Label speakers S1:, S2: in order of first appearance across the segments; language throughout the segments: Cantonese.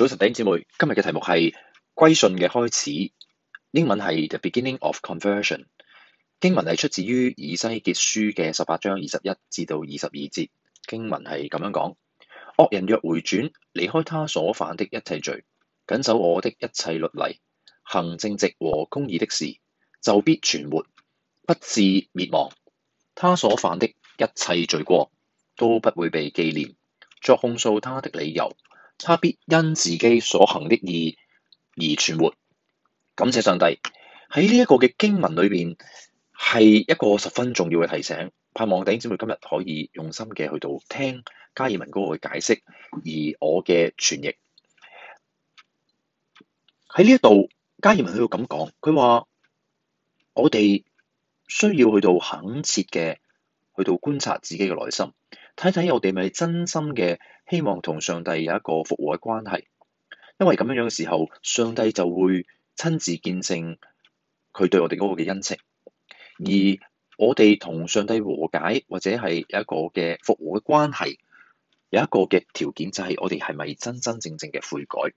S1: 早晨，弟兄姊妹，今日嘅題目係歸信嘅開始，英文係 The Beginning of Conversion。經文係出自於以西結書嘅十八章二十一至到二十二節，經文係咁樣講：惡人若回轉，離開他所犯的一切罪，謹守我的一切律例，行正直和公義的事，就必存活，不至滅亡。他所犯的一切罪過都不會被紀念，作控訴他的理由。差必因自己所行的義而，而存活。感謝上帝喺呢一個嘅經文裏邊係一個十分重要嘅提醒。盼望弟兄姊妹今日可以用心嘅去到聽加爾文嗰個嘅解釋，而我嘅傳譯喺呢一度，加爾文佢度咁講，佢話我哋需要去到懇切嘅去到觀察自己嘅內心。睇睇我哋咪真心嘅希望同上帝有一個復和嘅關係，因為咁樣樣嘅時候，上帝就會親自見證佢對我哋嗰個嘅恩情。而我哋同上帝和解或者係有一個嘅復和嘅關係，有一個嘅條件就係我哋係咪真真正正嘅悔改？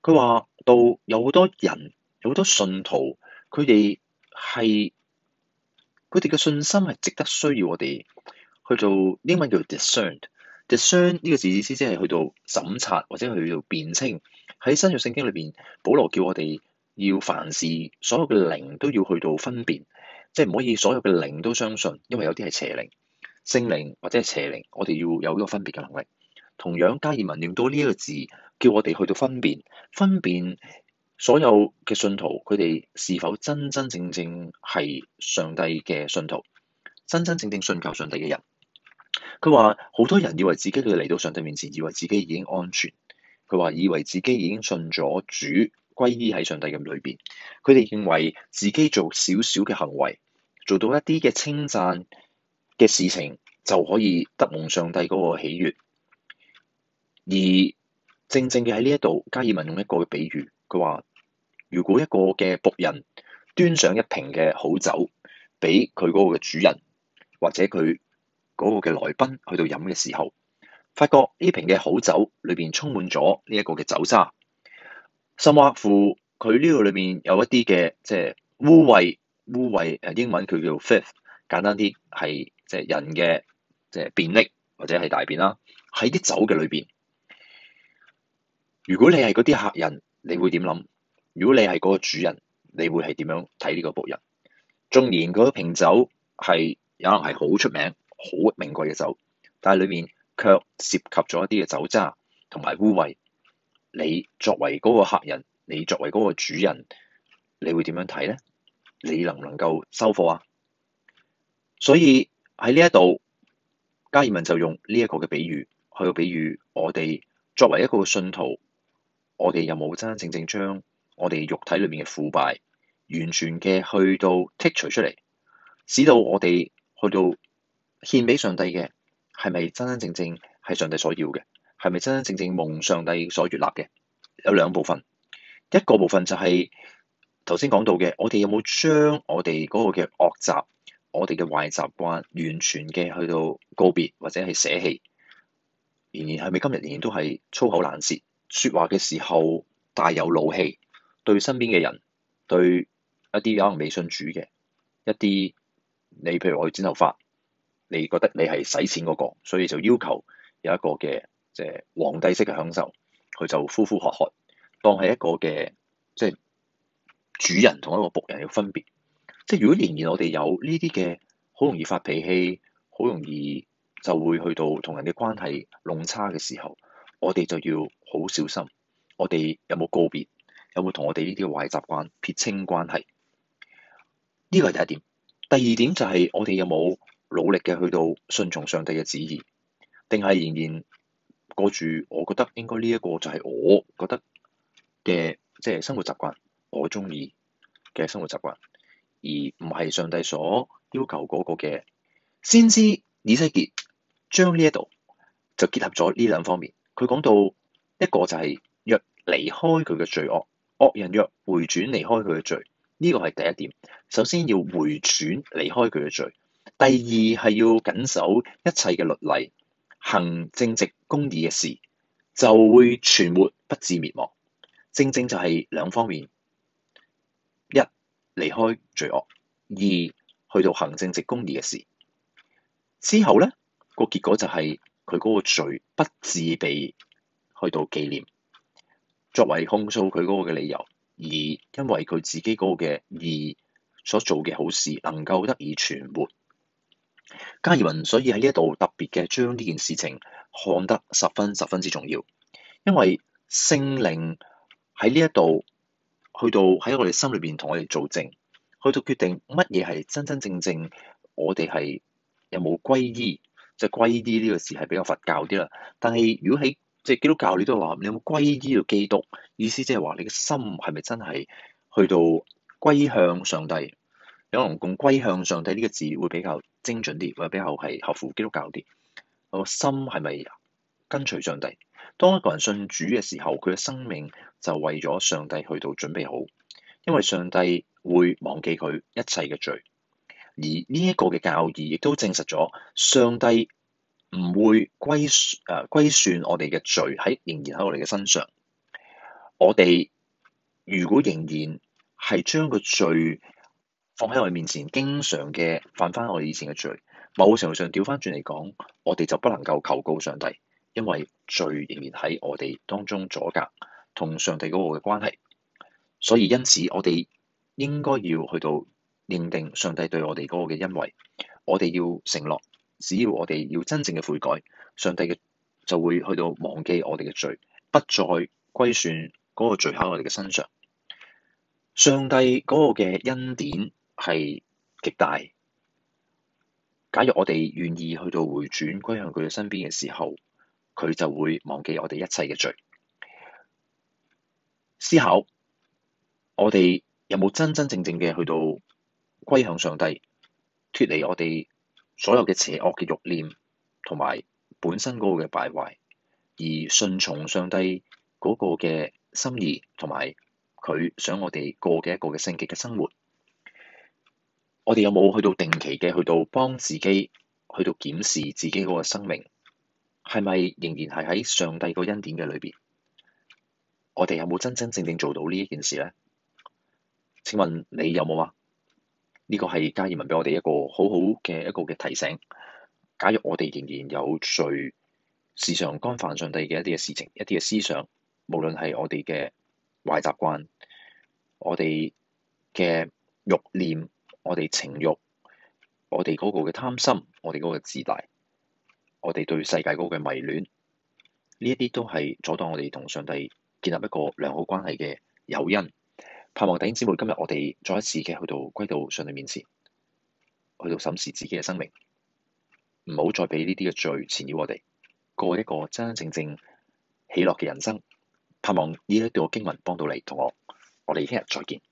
S1: 佢話到有好多人有好多信徒，佢哋係，佢哋嘅信心係值得需要我哋。去做英文叫做 discern，discern 呢個字意思即係去到審察或者去到辨清，喺新約聖經裏邊，保羅叫我哋要凡事所有嘅靈都要去到分辨，即係唔可以所有嘅靈都相信，因為有啲係邪靈、聖靈或者係邪靈。我哋要有呢個分別嘅能力。同樣加爾文用到呢一個字，叫我哋去到分辨分辨所有嘅信徒，佢哋是否真真正正係上帝嘅信徒，真真正正,正信靠上帝嘅人。佢話：好多人以為自己佢嚟到上帝面前，以為自己已經安全。佢話：以為自己已經信咗主，歸依喺上帝嘅裏邊。佢哋認為自己做少少嘅行為，做到一啲嘅稱讚嘅事情，就可以得蒙上帝嗰個喜悅。而正正嘅喺呢一度，加爾文用一個嘅比喻，佢話：如果一個嘅僕人端上一瓶嘅好酒，俾佢嗰個嘅主人或者佢。嗰個嘅來賓去到飲嘅時候，發覺呢瓶嘅好酒裏邊充滿咗呢一個嘅酒渣，甚或乎佢呢度裏面有一啲嘅即係污穢，污穢誒，英文佢叫做 fifth，簡單啲係即係人嘅即係便溺或者係大便啦。喺啲酒嘅裏邊，如果你係嗰啲客人，你會點諗？如果你係嗰個主人，你會係點樣睇呢個僕人？縱然嗰瓶酒係有可能係好出名。好名貴嘅酒，但係裏面卻涉及咗一啲嘅酒渣同埋污穢。你作為嗰個客人，你作為嗰個主人，你會點樣睇呢？你能唔能夠收貨啊？所以喺呢一度，加爾文就用呢一個嘅比喻去到比喻我哋作為一個信徒，我哋有冇真真正正將我哋肉體裏面嘅腐敗完全嘅去到剔除出嚟，使到我哋去到。獻俾上帝嘅係咪真真正正係上帝所要嘅？係咪真真正正蒙上帝所悅納嘅？有兩部分，一個部分就係頭先講到嘅，我哋有冇將我哋嗰個嘅惡習、我哋嘅壞習慣完全嘅去到告別或者係捨棄？仍然係咪今日仍然都係粗口難舌，說話嘅時候帶有怒氣，對身邊嘅人，對一啲可能未信主嘅一啲，你譬如我去剪頭髮。你覺得你係使錢嗰、那個，所以就要求有一個嘅，即係皇帝式嘅享受，佢就呼呼喝喝，當係一個嘅即係主人同一個僕人嘅分別。即係如果仍然我哋有呢啲嘅好容易發脾氣，好容易就會去到同人嘅關係弄差嘅時候，我哋就要好小心，我哋有冇告別，有冇同我哋呢啲嘅壞習慣撇清關係？呢個係第一點。第二點就係我哋有冇？努力嘅去到順從上帝嘅旨意，定係仍然過住我覺得應該呢一個就係我覺得嘅即係生活習慣，我中意嘅生活習慣，而唔係上帝所要求嗰個嘅。先知以西結將呢一度就結合咗呢兩方面。佢講到一個就係若離開佢嘅罪惡，惡人若回轉離開佢嘅罪呢，這個係第一點，首先要回轉離開佢嘅罪。第二係要謹守一切嘅律例，行正直公義嘅事，就會存活不至滅亡。正正就係兩方面：一離開罪惡，二去到行正直公義嘅事。之後咧個結果就係佢嗰個罪不至被去到紀念，作為控訴佢嗰個嘅理由。而因為佢自己嗰個嘅義所做嘅好事，能夠得以存活。加爾文所以喺呢一度特別嘅將呢件事情看得十分十分之重要，因為聖靈喺呢一度去到喺我哋心裏邊同我哋做證，去到決定乜嘢係真真正正，正我哋係有冇皈依，就皈依呢個字係比較佛教啲啦。但係如果喺即係基督教，你都話你有冇皈依到基督，意思即係話你嘅心係咪真係去到歸向上帝？有可能共歸向上帝呢個字會比較。精準啲，或者比較係合乎基督教啲。我個心係咪跟隨上帝？當一個人信主嘅時候，佢嘅生命就為咗上帝去到準備好，因為上帝會忘記佢一切嘅罪。而呢一個嘅教義亦都證實咗，上帝唔會歸，誒，歸算我哋嘅罪喺仍然喺我哋嘅身上。我哋如果仍然係將個罪。放喺我哋面前，經常嘅犯翻我哋以前嘅罪。某程度上，調翻轉嚟講，我哋就不能夠求告上帝，因為罪仍然喺我哋當中阻隔同上帝嗰個嘅關係。所以因此，我哋應該要去到認定上帝對我哋嗰個嘅恩惠。我哋要承諾，只要我哋要真正嘅悔改，上帝嘅就會去到忘記我哋嘅罪，不再歸算嗰個罪喺我哋嘅身上。上帝嗰個嘅恩典，係極大。假如我哋願意去到回轉歸向佢身邊嘅時候，佢就會忘記我哋一切嘅罪。思考我哋有冇真真正正嘅去到歸向上帝，脫離我哋所有嘅邪惡嘅慾念，同埋本身嗰個嘅敗壞，而順從上帝嗰個嘅心意，同埋佢想我哋過嘅一個嘅聖潔嘅生活。我哋有冇去到定期嘅去到幫自己去到檢視自己嗰個生命係咪仍然係喺上帝個恩典嘅裏邊？我哋有冇真真正正做到呢一件事咧？請問你有冇啊？呢個係加爾文俾我哋一個好好嘅一個嘅提醒。假如我哋仍然有罪，時常干犯上帝嘅一啲嘅事情、一啲嘅思想，無論係我哋嘅壞習慣，我哋嘅慾念。我哋情欲，我哋嗰個嘅貪心，我哋嗰個自大，我哋對世界嗰個迷戀，呢一啲都係阻擋我哋同上帝建立一個良好關係嘅誘因。盼望弟兄姊妹今日我哋再一次嘅去到歸到上帝面前，去到審視自己嘅生命，唔好再俾呢啲嘅罪纏繞我哋，過一個真真正正喜樂嘅人生。盼望呢一段經文幫到你同我，我哋聽日再見。